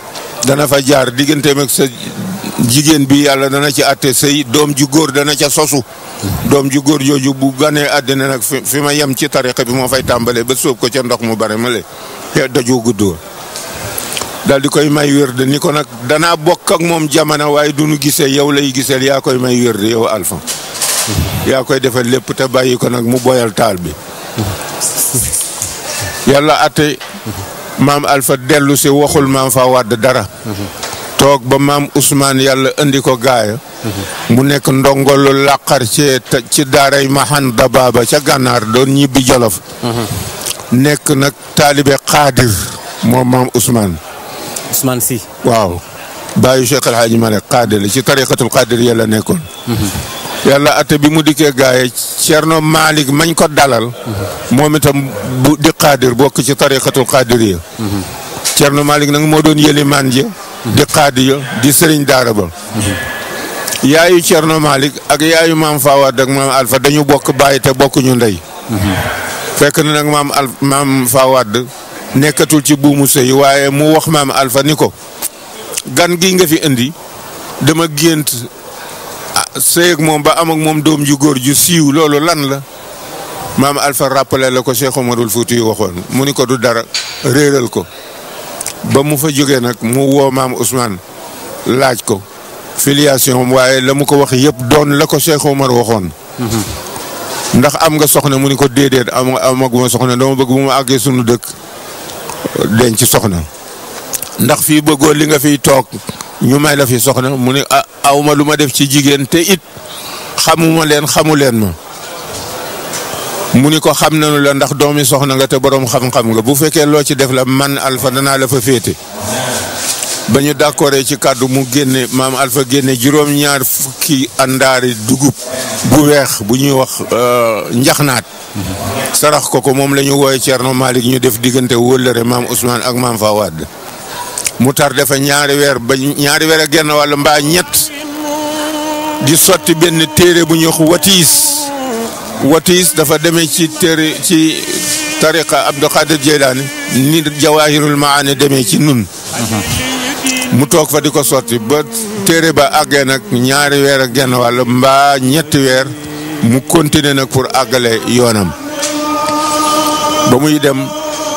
dana fa jaar digganteem ak sa jigéen bi yàlla dana ci at sëy doom ju góor dana ca sosu doom ju góor jooju bu ganee àddina nag fi ma yem ci tariqa bi moo fay tàmbalee ba sóob ko ca ndox mu bare ma le dajoo guddoo daal di koy may wér de ni ko nag dana bokk ak moom jamono waaye du nu gisee yow lay giseel yaa koy may wér de yow Alpha yaa koy defa lépp te bàyyi ko nag mu boyal taal bi yàlla atte maam alfa dellu si waxul maam fa wàdd dara toog ba maam usmaan yàlla indi ko gaaya mu nekk ndongolu làqar ci ci daaray mahan dabaaba ca gànnaar doon ñibbi jolof mhm. nekk nag taalibe xaadir moom maam Ousmane Ousmane Sy. waaw bàyyi Cheikh El Hadj Malick Qaadiri ci tariqatul Qaadiriya la nekkoon. Mhm. yàlla atte bi mu dikkee gaay Cerno Malick mañ ko dalal. Mhm. moom itam bu di Qaadir bokk ci tariqatul Qaadiriya. Mhm. Cerno Malick nag moo doon yëlimaan ji. di Qaadiya di sëriñ daara ba. yaayu Cerno Malick ak yaayu maam Fawad ak maam Alpha dañu bokk bàyyi te bokkuñu ndey. fekk na nag maam Alpha maam nekkatul ci buumu sëy waaye mu wax maam Alpha ni ko gan gi nga fi indi dama gént ah, sëy ak moom ba am ak moom doom ju góor ju siiw loolu lan la maam Alpha rappelé la ko Cheikh Omarul Fuuti waxoon mu ni ko du dara réeral ko ba mu fa jógee nag mu woo maam Ousmane laaj ko filiation waaye la mu ko wax yëpp doon la ko Cheikh Omar waxoon mm-hmm. ndax am nga soxna mu ni ko déedéet am am ak ma soxna dama bëgg bu ma àggee sunu dëkk denc soxna ndax fii bëggoo li nga fiy toog ñu may la fi soxna mu ni ah, awma lu ma def ci jigéen te it xamuma leen xamu leen ma mu ni ko xam nañu la ndax doomi soxna nga te boroom xam-xam nga bu fekkee loo ci def la man alfa danaa la fa féete bañu d'accordé ci cadre mu génne mam Alpha génne juróom-ñaar fukki andari dugub bu wéx bu ñuy wax euh njaxnaat sarax ko ko moom la ñu wooye Thierno Malick ñu def digënté wëlëré mam Ousmane ak mam Fawad mu tar defa ñaari wër ba ñaari wër ak genn wàll mbaa ñett di soti ben téré bu ñu wax watis watis dafa démé ci téré ci tariqa Abdou Khadir jeylani ni jawahirul maani démé ci nun mu toog fa di ko sotti ba téere ba àggee nag ñaari weer a genn wàll mbaa ñetti weer mu continuer nag pour àggale yoonam ba muy dem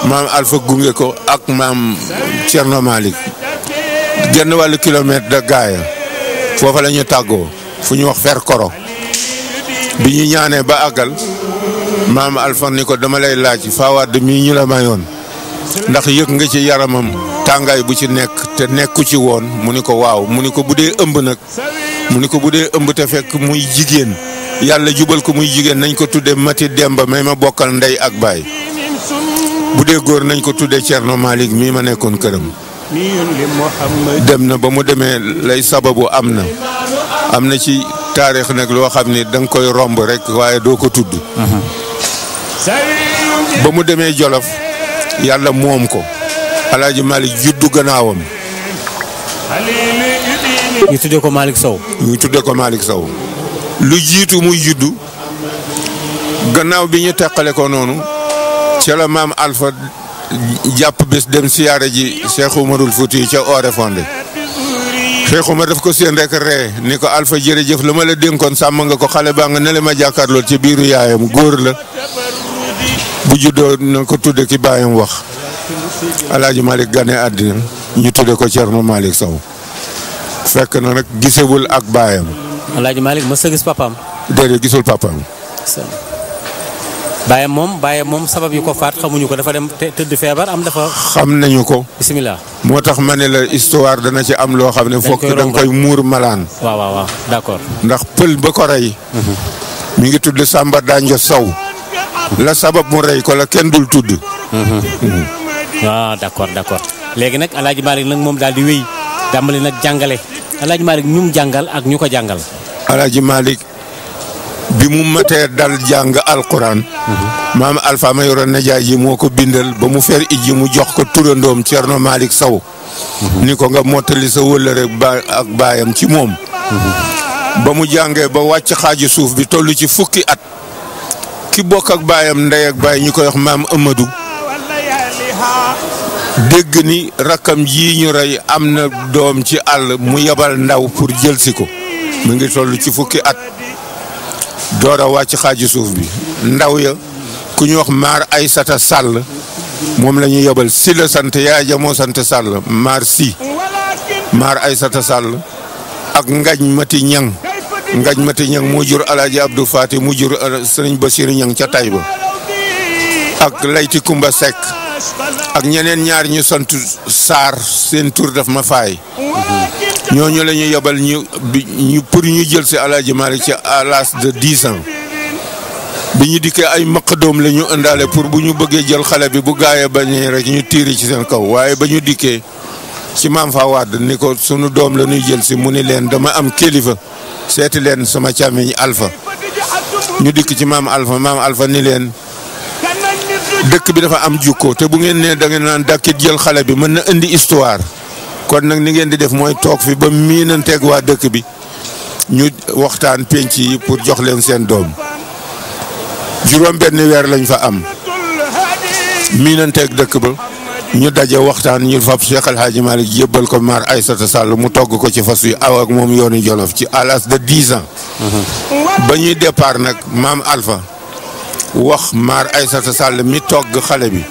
maam Alpha gunge ko ak maam Thierno Malick genn wàllu kilomètre de gaaya foofa la ñu tàggoo fu ñu wax fer koro bi ñu ñaanee ba àggal maam Alpha ni ko dama lay laaj faawaat mi ñu la mayoon ndax yëg nga ci yaramam tàngaay bu ci nekk te nekku ci woon mu ni ko waaw mu ni ko bu dee ëmb nag mu ni ko bu dee ëmb te fekk muy jigéen yàlla jubal ko muy jigéen nañ ko tuddee Mati Demba may ma bokkal ndey ak baay bu dee góor nañ ko tuddee Thierno Malick mii ma nekkoon këram dem na ba mu demee lay sababu am na am na ci taarix nag loo xam ni danga koy romb rek waaye doo ko tudd ba mu demee Jolof yàlla moom ko alaaji Malick juddu gannaawam ñu tuddee ko Malick Sow ñu tuddee ko Malick Sow lu jiitu muy juddu gannaaw bi ñu teqale ko noonu ca la maam alfa jàpp bis dem siyaare ji Cheikh Oumarul Fouti ca Oré Fondé Cheikh Oumar daf ko seen rek ree ni ko alfa jërëjëf la ma la dénkoon sàmm nga ko xale baa nga ne la ma jàkkaarlool ca biiru yaayam góor la bu juddoo na ko tudde ki baayam wax alaaji Malick gane àddina ñu tudde ko Thierno Malick Sow fekk na rek gisewul ak baayam alaaji Malick mës a gis papaam déedéet gisul papaam baayam moom baayam moom sabab yi ko faat xamuñu ko dafa dem tëdd feebar am dafa xam nañu ko bisimilah moo tax ma ne la histoire dana ci am loo xam ne fokk da nga koy muur malaan ndax pël ba ko rey mhm. mi ngi tudd Samba Danjo Sow la sabab mu rey ko la kenn dul tudd. waaw mm-hmm. ah, d'accord d'accord léegi nag El Hadj Malick nag moom daal di wéy dambali nag jàngale El Hadj Malick jàngal ak ñu ko jàngal. alaaji Hadj bi mu matee dal jàng alquran. Mm-hmm. maam Alpha ma yoroon na jaay ji moo ko bindal ba mu fer ijji mu jox ko turandoom Thierno Malick Sow. Mm-hmm. ni ko nga mottali sa wëllëre ba ak baayam ci moom. ba mu jàngee ba wàcc xaaju suuf bi toll ci fukki at. ki bokk ak baayam ndey ak baay ñu koy wax maam Amadou dégg ni rakkam ji ñu rey am na doom ci àll mu yebal ndaw pour jëlsi ko mu ngi tollu ci fukki at door a wàcc xaaju suuf bi ndaw ya ku ñu wax maar Aysata Sàll moom la ñu yebal si la sant yaa jamoo sant Sàll maar si maar Aysata Sàll ak ngañ mati ñang Ngañ Mati Ñang moo jur Alaaji Abdou Faty mu jur euh, Sëriñ Basiru Ñang ca Tayba ak Layti Kumba Seck ak ñeneen ñaar ñu sant Saar seen tur daf ma faay ñooñu la ñu yebal ñu pour ñu jël si Alaaji Maalik ci à l'âge de dix ans bi ñu dikkee ay maqadoom doom lañu indaale pour bu ñu bëggee jël xale bi bu gaayee bañee rek ñu tiir ci seen kaw waaye ba ñu dikkee ci maam fa wadd ni ko sunu doom la ñuy jël si mu ni leen dama am kilifa seeti leen sama càmmiñ alfa ñu dikk ci maam alpha maam alpha ni leen dëkk bi dafa am jukko te bu ngeen ne da ngeen naan dàkkit jël xale bi mën na indi histoire kon nag ni ngeen di def mooy toog fi ba miinanteeg waa dëkk bi ñu waxtaan penc yi pour jox leen seen doom juróom benn weer lañ fa am miinanteeg dëkk ba ñu daje waxtaan ñu fab Cheikh El Hadj Malick yëbbal ko Mar Aysata Sall mu togg ko ci fas yu aw ak moom yoonu Jolof ci à de dix ans. Mhm. ba ñuy départ nag maam Alpha wax Mar Aysata Sall mi togg xale bi.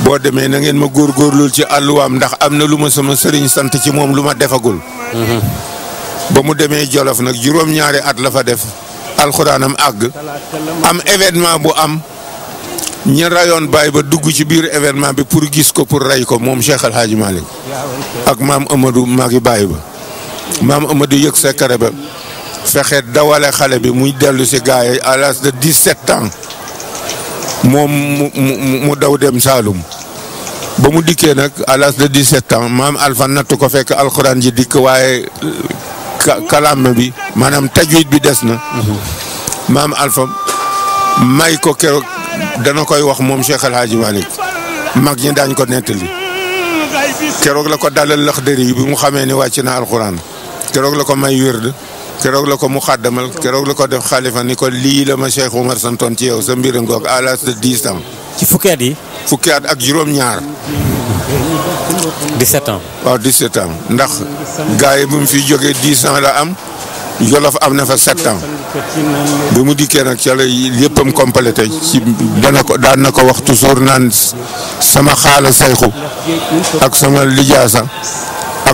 boo demee na ngeen ma góorlul ci àlluwaam ndax am na lu ma sama sëriñ sant ci moom lu ma defagul. Mhm. ba mu demee Jolof nag juróom-ñaari at la fa def. alxuraanam àgg. am événement bu am. ñi rayoon baay ba dugg ci biir événement bi pour gis ko pour rey ko moom Cheikh El Hadj ak maam Amadou magi baay ba maam Amadou yëg secret ba fexe dawale xale bi muy dellu si gars yi à l'âge de 17 ans moom mu daw dem Saalum ba mu dikkee nag à l'âge de 17 ans maam Alpha natt ko fekk alxuraan ji dikk waaye kalaama bi maanaam tajwid bi des na. Mhm. maam Alpha may ko keroog. dana koy wax mom Cheikh al hadji walid mag ñi dañ ko netali kérok la ko dalal lax dëri bi mu xamé ni wàcc na al qur'an kérok la ko may wérd kérok la ko mu xadamal kérok la ko def khalifa ni ko li la ma Cheikh omar santoon ci yow sa mbir ngok à l'âge de dix ans. ci fukkat yi. fukkat ak juróom-ñaar. 17 ans. waaw 17 ans ndax gaay bu mu fi joggé 10 ans la am. Jolof am na fa sept ans bi mu dikkee nag ca la yëppam complété ci dana ko daan na ko wax toujours naan sama xaala sayxu ak sama lijaasa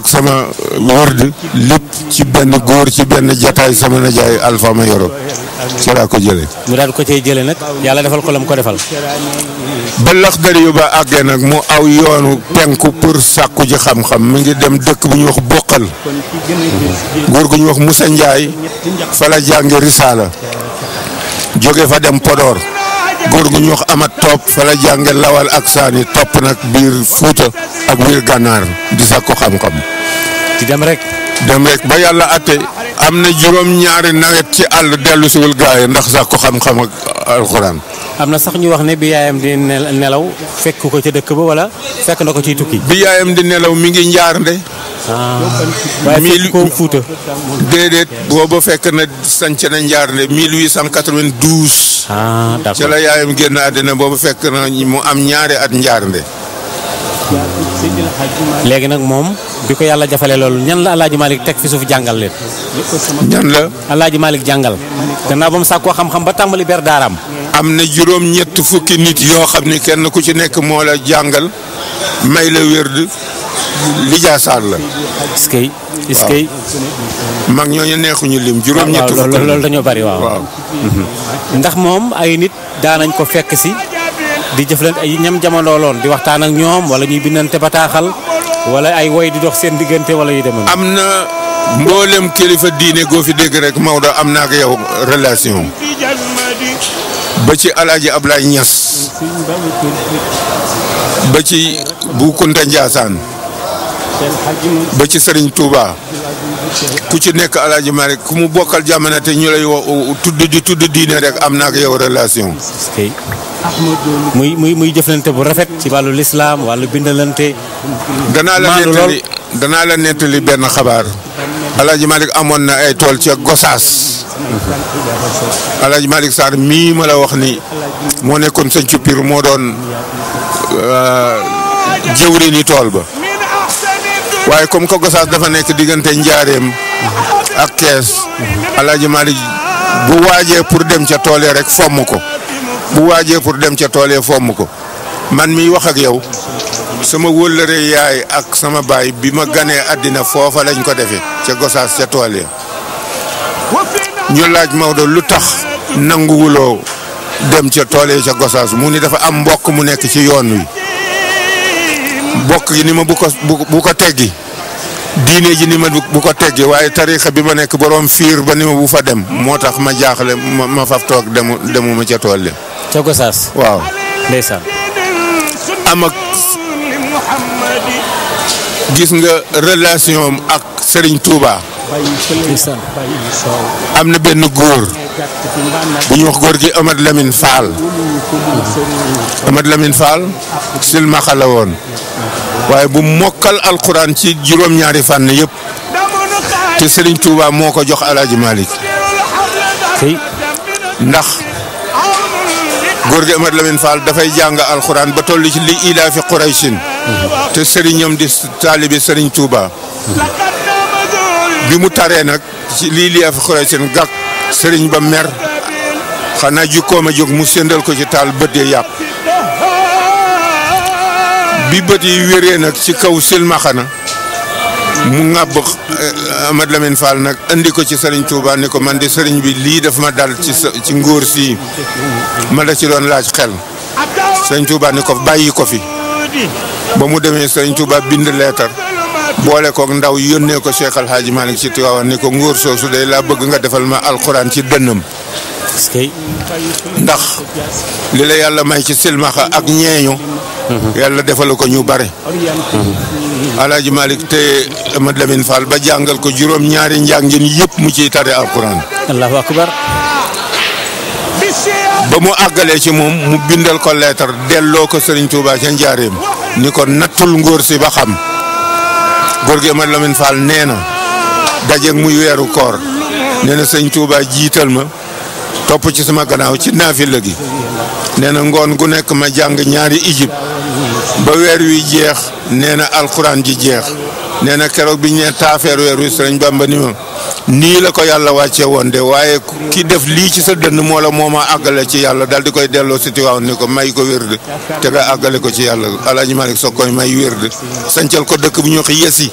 ak sama wërd lépp ci benn góor ci benn jataay sama najaay Alpha ma yoro ci laa ko jëlee. mu daal ko cay jëlee nag yàlla defal ko la mu ko defal. ba laxdar yu àggee nag mu aw yoonu penku pour sàkku ji xam-xam mi ngi dem dëkk bu ñuy wax bokkal góor gu ñuy wax Moussa Ndiaye fa la jànge risaala jóge fa dem Podor. góor gu ñuy wax amat topp fa la jànge lawal ak saani topp nag biir Fuuta ak biir gànnaar di sàkku xam-xam. ci dem rek. dem ba yàlla atte am na juróom-ñaari nawet ci àll dellu siwul gaay ndax sàkku xam-xam ak alxuraan. am na sax ñu wax ne bi yaayam di nelaw fekk ko ca dëkk ba wala fekk na ko ciy tukki. bi yaayam di nelaw mi ngi njaar nde ah. waaye fekk ko Fuuta. déedéet booba fekk na sanc na njaar nde 1892. ah d' accord ci la yaayam génn àddina boobu fekk na mu am ñaari at njaarnde. léegi nag moom bi ko yàlla jafalee loolu ñan la El Hadj teg fi suuf jàngal leen. ñan la. El Hadj jàngal. gannaaw ba mu sàkkoo xam-xam ba tàmbali ber daaraam. am na juróom-ñett fukki nit yoo xam ne kenn ku ci nekk moo la jàngal may la wérd lijaasaan la. iskay iskay. mag ñooñu neexuñu lim juróom ñett fukk loolu dañoo bari waaw. Mhm. ndax moom ay nit daanañ ko fekk si di jëflante ay ñam jamono loon di waxtaan ak ñoom wala ñuy bindante bataaxal wala ay woy di dox seen diggante wala yi demee. am na mboolem kilifa diine goo fi dégg rek Maodo am naa ak yow relation. ba ci El Hadj Ablaye Niass. ba ci Bou Kounta Ndiassane ba ci sëriñ Touba ku ci nekk El Hadj Malick ku mu bokkal jamono te ñu lay woo tudd di tudd diine rek am na yow relation. muy muy muy jëflante bu rafet ci wàllu lislaam wàllu bindalante. danaa la nettali danaa la nettali benn xabaar. Alaaji Malick amoon na ay tool ca Gosaas. Alaaji Malick Sarr mii ma la wax ni moo nekkoon sëñ Cuppir moo doon euh, jëwri ni tool ba. waaye comme que Gosaas dafa nekk diggante njaareem ak kees alaaji Malick bu waajee pour dem ca tool yi rek fomm ko bu waajee pour dem ca tool yi fomm ko man mi wax ak yow sama wëllëre yaay ak sama baay bi ma ganee àddina foofa lañ ko defee ca Gosaas ca tool ya ñu laaj Maodo lu tax nanguwuloo dem ca tool yi ca Gosaas mu ni dafa am mbokk mu nekk ci yoon wi. bokk gi ni ma bu ko bu ko teggi diine ji ni ma bu ko teggi waaye tarixa bi ma nekk borom fiir ba ni bu fa dem moo tax ma jaaxle ma ma toog demu demu ma ca tool yi. ca Gosaas. waaw. ndeysaan. am gis nga relation ak Serigne Touba. am na benn góor bu ñu wax góor gi Amad Lamine Fall. Amad Lamine Fall silmaxa woon. waaye bu mokkal alquran ci juróom-ñaari fànn yëpp te sëriñ Touba moo ko jox Alaaji Malick ndax góor gi Amat Lamine Fall dafay jàng alxuraan ba toll ci li ilaa fi Quraysin te sëriñam di taalibi Serigne Touba. bi mu taree nag ci li ilaa fi Quraysin gàkk sëriñ ba mer xanaa jukkoom a jóg mu séndal ko ci taal bët yàq. bi bët yi wéree nag ci kaw silmaxana mu ŋàbb eh, ma Lamine Fall nag andi ko ci Serigne Touba ko man di sëriñ bi lii def ma dal ci ci ngóor si ma la ci doon laaj xel Serigne Touba ko bàyyi ko fi ba mu demee Serigne Touba bind leetar boole koog ndaw yónnee ko Cheikh Al Hadj Malick ci Tiwaawan ni ko ngóor soosu day laa bëgg nga defal ma alxuraan ci dënnam. ndax li la yàlla may ci silmaxa ak ñeeñu. yàlla defal ko ñu bare. alaaji Malick te Mad Lamine Fall ba jàngal ko juróom ñaari njàngin yépp mu ciy tare alquran. allahu ba mu àggalee ci moom mu bindal ko leetar delloo ko Serigne ca njaareem ni ko nattul ngóor si ba xam góor gi Mad Lamine Fall nee na muy weeru koor nee na jiital ma. topp ci sama gannaaw ci naafila gi nee na ngoon gu nekk ma jàng ñaari ijib ba weer wi jeex nee na alxuraan ji jeex nee na keroog bi ñu ne taafeer weer wi sëriñ Bamba ni nii la ko yàlla wàcce woon de waaye kii def lii ci sa dënn moo la moo ma àggale ci yàlla dal di koy delloo si tiwaaw ni ko may ko wér de te nga àggale ko ci yàlla alaaji Malik soog koy may wér de sancal ko dëkk bu ñu wax yesi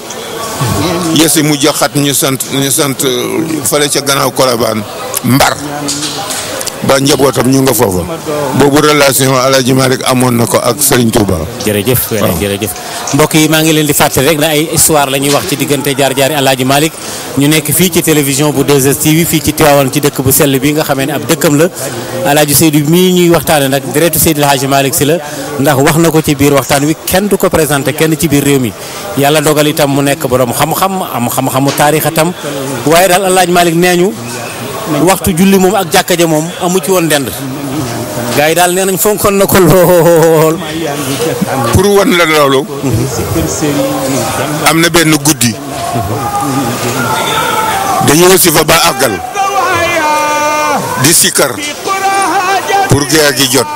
yesi mu joxat ñu sant ñu sant fële ca gannaaw Kolobaan Mbar ba njabootam ñu nga foofa boobu relation Alaaji Malick amoon na ko ak Serigne Touba. jërëjëf jërëjëf mbokk yi maa ngi leen di fàttali rek na ay histoire la ñuy wax ci diggante jaar-jaari Alaaji Malick ñu nekk fii ci télévision bu 2STV fii ci Tivaouane ci dëkk bu sell bi nga xamee ne ab dëkkam la Alaaji Seydou mii ñuy waxtaane nag deretu Seydil Hadji Malick si la ndax wax na ko ci biir waxtaan wi kenn du ko présenté kenn ci biir réew mi yàlla dogal itam mu nekk borom xam-xam am xam-xamu taarix itam waaye daal Alaaji waxtu julli moom ak jàkka ja moom amu ci woon dend. gars daal nee nañ fonkoon na ko lool. pour wan la loolu. am na benn guddi. dañoo si fa ba àggal. di sikkar pour géej gi jot.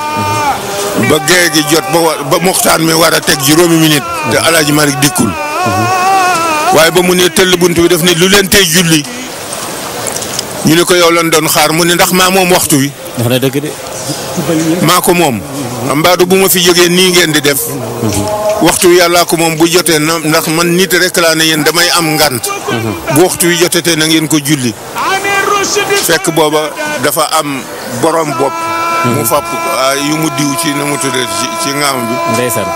ba géej gi jot ba ba moxtaan mi war a teg juróomi minute. te El Hadj dikkul. waaye ba mu ne tëll bunt bi def ne lu leen tey julli. ñu ne ko yow lan doon xaar mu ne ndax maa moom waxtu wi. dëgg de. maa ko moom. mbaadu bu ma fi jógee nii ngeen di def. waxtu wi yàllaa ko moom bu jotee na ndax man nit rek laa ne yéen damay am ngant. bu waxtu wi jotatee na ngeen ko julli. fekk booba dafa am borom bopp. mu hmm. fàpp ah, yu mu diw ci na mu tuddee ci ci ngaam bi. ndeysaan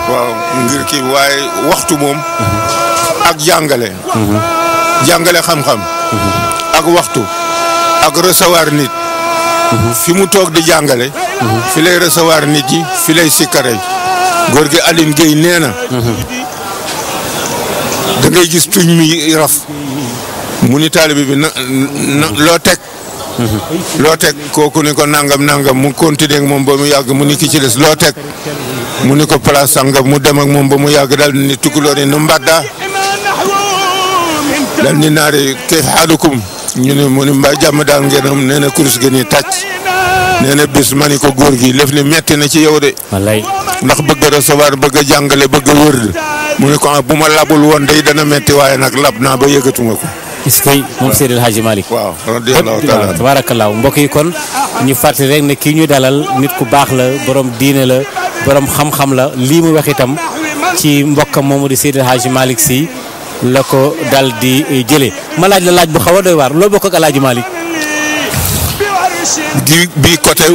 ngir kii waaye waxtu moom. ak jàngale. Hmm. jàngale xam-xam. Hmm. ak waxtu. ak recevoir nit. fi mu toog di jàngale. fi lay recevoir nit ji fi lay sikkare góor gi Aline Gueye nee na. da gis tuñ mi raf. mu ni taalibe bi na loo teg. loo teg kooku ku ko nangam nangam mu continuer ak moom ba mu yàgg mu ni ki ci loo teg. mu ni ko place sangam mu dem ak moom ba mu yàgg daal ni tukulóor ni nu mbadda daal ni naari ñu ne mu ne mbaa jàmm daal ngeen am nee na kurus gi nii tàcc nee na bis ma ni ko góor gi lëf ne metti na ci yow de. wallaay ndax bëgg a recevoir bëgg jàngale bëgg a wër mu ne ko ah bu ma labul woon day dana metti waaye nag lab naa ba yëgatuma ko. is kay moom Seydil Hadji Malick waaw radiyallahu taala tabarakallahu mbokk yi kon ñu fàttali rek kii ñu dalal nit ku baax la borom diine la borom xam la lii mu wax itam ci mbokkam moomu di Seydil Hadji Malick si la ko dal di eh, jëlee ma laaj la laaj bu xaw a doy waar loo bokk ak El Hadj di bi côté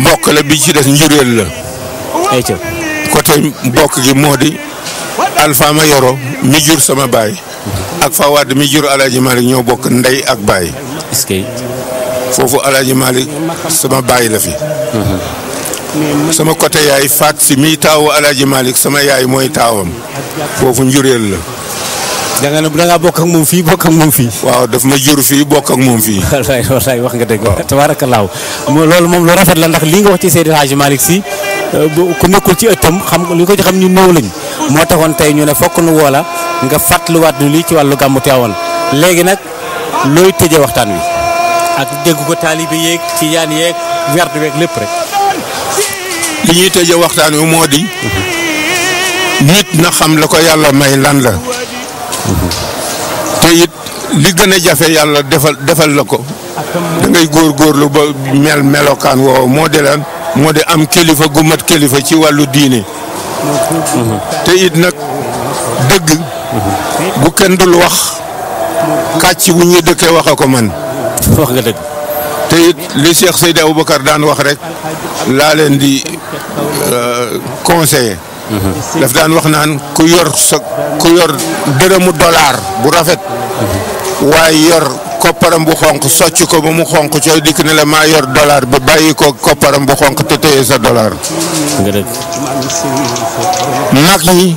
mbokk la bi ci des njuréel la. ayca côté mbokk gi moo di Alpha ma yoro mi jur sama baay. ak Fawad mi jur El Hadj Malick ñoo bokk ndey ak baay. foofu El Hadj Malick sama baay la fi. sama côté yaay faat si mi taawu El Hadj sama yaay mooy taawam foofu njuréel la. da nga ne da ngaa bokk ak moom fii bokk ak moom fii. waaw daf ma jur fii bokk ak moom fii. [LAUGHS] wallaay wallaay wax nga dëgg. waaw tabaarakallaahu loolu moom lu rafet la ndax lii nga wax ci Seydi Hadji Malick Sy euh, ku nekkul ci ëttam xam li ko ci xam ñu néew lañ moo taxoon tey ñu ne fokk nu woo la nga fàttaliwaat nu lii ci wàllu gàmmu Tiwaawan léegi nag looy tëjee waxtaan wi ak dégg ko taalibe yeeg ci yaan yeeg werd weeg lépp rek. li ñuy tëjee waxtaan wi moo di. Mhm. nit na xam la ko yàlla may lan la. te it li gën a jafe yàlla defal defal la ko da ngay góorgóorlu ba mel melokaan woowu moo de lan moo de am kilifa gu mat kilifa ci wàllu diine te it nag dëgg bu kenn dul wax kàcc bu ñuy dëkkee wax ko man dëgg te it li Cheikh Seydi Aboubacar daan wax rek laa leen di euh, conseiller daf daan wax naan ku yor sa ku yor dërëmu dollar bu rafet. waaye yor kopparam bu xonq socc ko ba mu xonq cooy dikk ne la maa yor dollar ba bàyyi ko kopparam bu xonq te téye sa dollar. mag ñi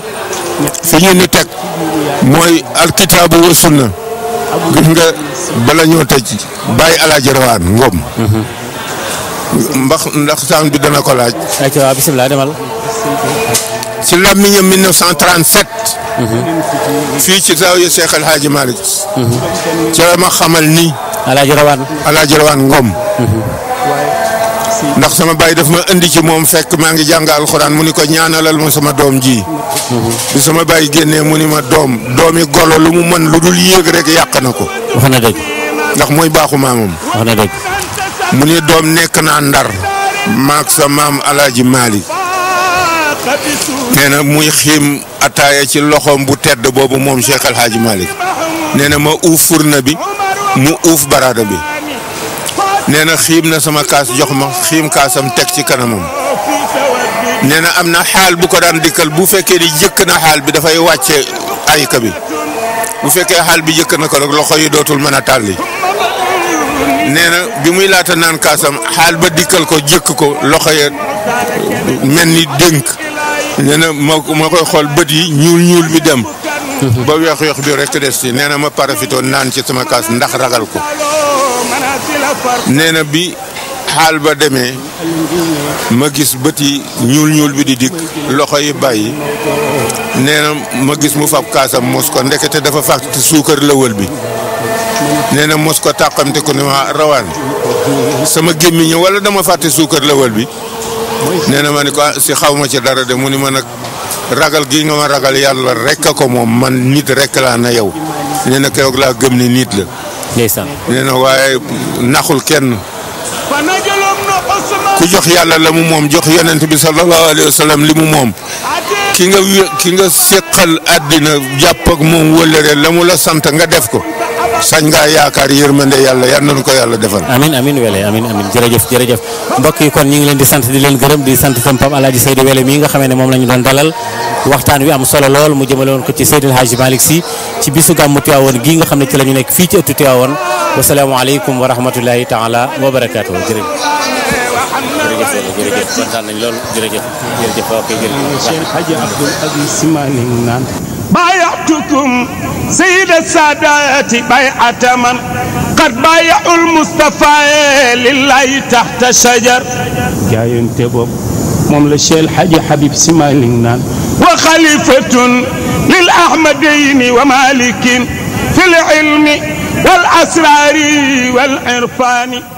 fi ñu ni teg mooy alkitaabu wa sunna gis nga bala ñoo tëj bàyyi alaaji rawaan ngom mhm. mbax ndax saan bi dana ko laaj. ayca ci làmmiñam 1937. Mhm. fii ci zaawiya Cheikh El Hadj Malick. Mhm. ci la ma xamal ni. Alaaji Rawaan Alaaji ndax sama baay dafa ma indi ci moom fekk maa ngi jàng alxuraan mu ni ko ñaanalal ma sama doom ji. Mhm. bi sama baay génne mu ni ma doom doomi golo lu mu mën lu dul yéeg rek yàq na ko. wax ndax mooy baaxu maamam. na dëgg. mu ni doom nekk naa ndar. maak sa maam Alaaji Malick. nee na muy xiim ataaya ci loxoom bu tedd boobu moom Cheikh El Hadj Malick nee na ma uuf furna bi mu uuf baraada bi nee na xiim na sama kaas jox ma xiim kaasam teg ci kanamam nee na am na xaal bu ko daan dikkal bu fekkee ni jëkk na xaal bi dafay wàcce ayka bi bu fekkee xaal bi jëkk na ko rek loxo yi dootul mën a tàlli nee na bi muy laata naan kaasam xaal ba dikkal ko jëkk ko loxo ya mel ni dénk nee na moo moo koy xool bët yi ñuul ñuul mi dem. [LAUGHS] ba weex weex bi rek des ci nee na ma parafitoon naan ci sama kaas ndax ragal ko. nee na bi xaal ba demee ma gis bët yi ñuul ñuul bi di dikk loxo yi bàyyi nee na ma gis mu fab kaasam mos ko ndekete dafa fàtte suukar lëwal bi. nee na mos ko tàqamte ko ne ma rawaan sama gémmiñ wala dama fàtte suukar lëwal bi. nee na ma ni ko ah, si xawma ma ci dara de mu ni ma nag ragal gii nga ma ragal yàlla rek a ko moom man nit rek laa na yow nee na keroog laa gëm ni nit la. ndeysaan na waaye naxul kenn. ku jox yàlla la mu moom jox yonent bi sallallahu alayhi wa li mu moom ki nga ki nga seqal àddina jàpp ak moom wëllëre la mu la sant nga def ko. sañ ngaa yaakaar yërmande yàlla yal nañu ko yàlla defal. amin wele amin amin jërëjëf kon ñu ngi leen di sant di leen gërëm di sant itam Pape El Wele mii nga xamee ne moom la ñu doon dalal waxtaan wi am solo lool mu jëmale woon ko ci Seydil Hadji Malick Sy ci bisu gàmmu Tiwaawoon gii nga xam ne ci la nekk fii ci ëttu Tiwaawoon wasalaamaaleykum wa rahmatulahi taala wa barakaatu jërëjëf jërëjëf jërëjëf lool jërëjëf jërëjëf ok jërëjëf Cheikh Hadji بايعتكم سيد السادات بيعة من قد بايعوا المصطفى لله تحت شجر جايين تبوب مم الشيخ حاج حبيب سمالين نان وخليفة للأحمدين ومالك في العلم والأسرار والعرفان